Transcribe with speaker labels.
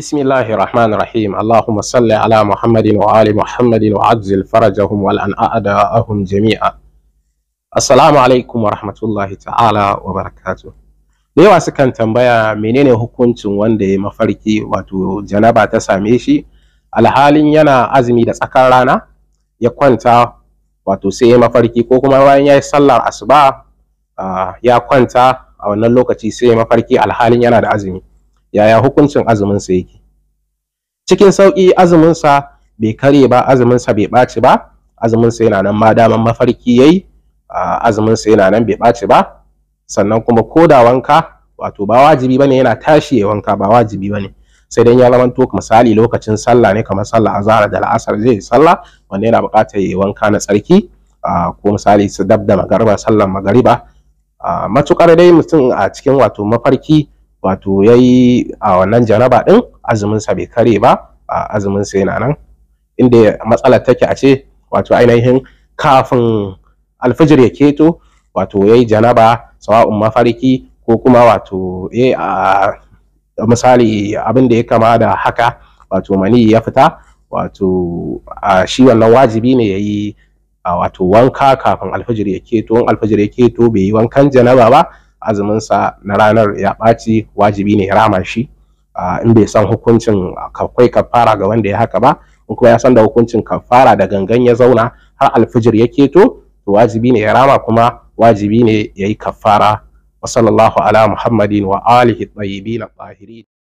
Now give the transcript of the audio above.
Speaker 1: بسم الله الرحمن الرحيم اللهم muhammadin على محمد وآل محمد وعجل فرجهم والأن أعداءهم جميعا السلام عليكم ورحمة الله تعالى وبركاته da yawa sukan tambaya menene hukuncin wanda ya mafarki wato janaba ta same shi alhalin yana azumi da tsakar rana ya kwanta wato sai ya mafarki ko kuma bayan ya sallar asuba ah, ya kwanta a wannan lokaci sai ya mafarki alhalin yana da azumi yaya hukuncin azuminsa yake cikin sauki azumin sa bai kare ba azuminsa bai ɓaci ba azuminsa yana nan ma daman mafarki yayi azuminsa yana nan bai ɓaci ba sannan kuma ko da wanka wato ba wajibi bane yana tashi ya wanka ba wajibi bane sai dai ya zamanto misali lokacin sallah ne kamar sallah azhar da la'asar zai yi sallah wanda yana buƙatar wanka na tsarki ko misali su dab da magariba sallar magariba matukar dai mutum a cikin wato mafarki wato yayi a wannan janaba din azumin sa bai kare ba azumin sa yana nan inda matsalar take a ce wato ainihin kafin alfijir ya keto wato yayi janaba sawa'un mafarki ko kuma wato yayi a misali abin da ya kama da haka wato mani ya fita wato a shi wannan wajibi ne yayi a wato wanka kafin alfajir ya keto in alfajir ya keto bai yi wankan janaba ba azumin sa na ranar ya ɓaci wajibi ne rama shi in bai san hukuncin akwai kafara ga wanda ya haka ba in kuma ya san da hukuncin kafara da gangan ya zauna har alfijir ya keto to wajibi ne ya rama kuma wajibi ne ya yi kafara wa sallallahu ala muhammadin wa alihi tayyibin tahirin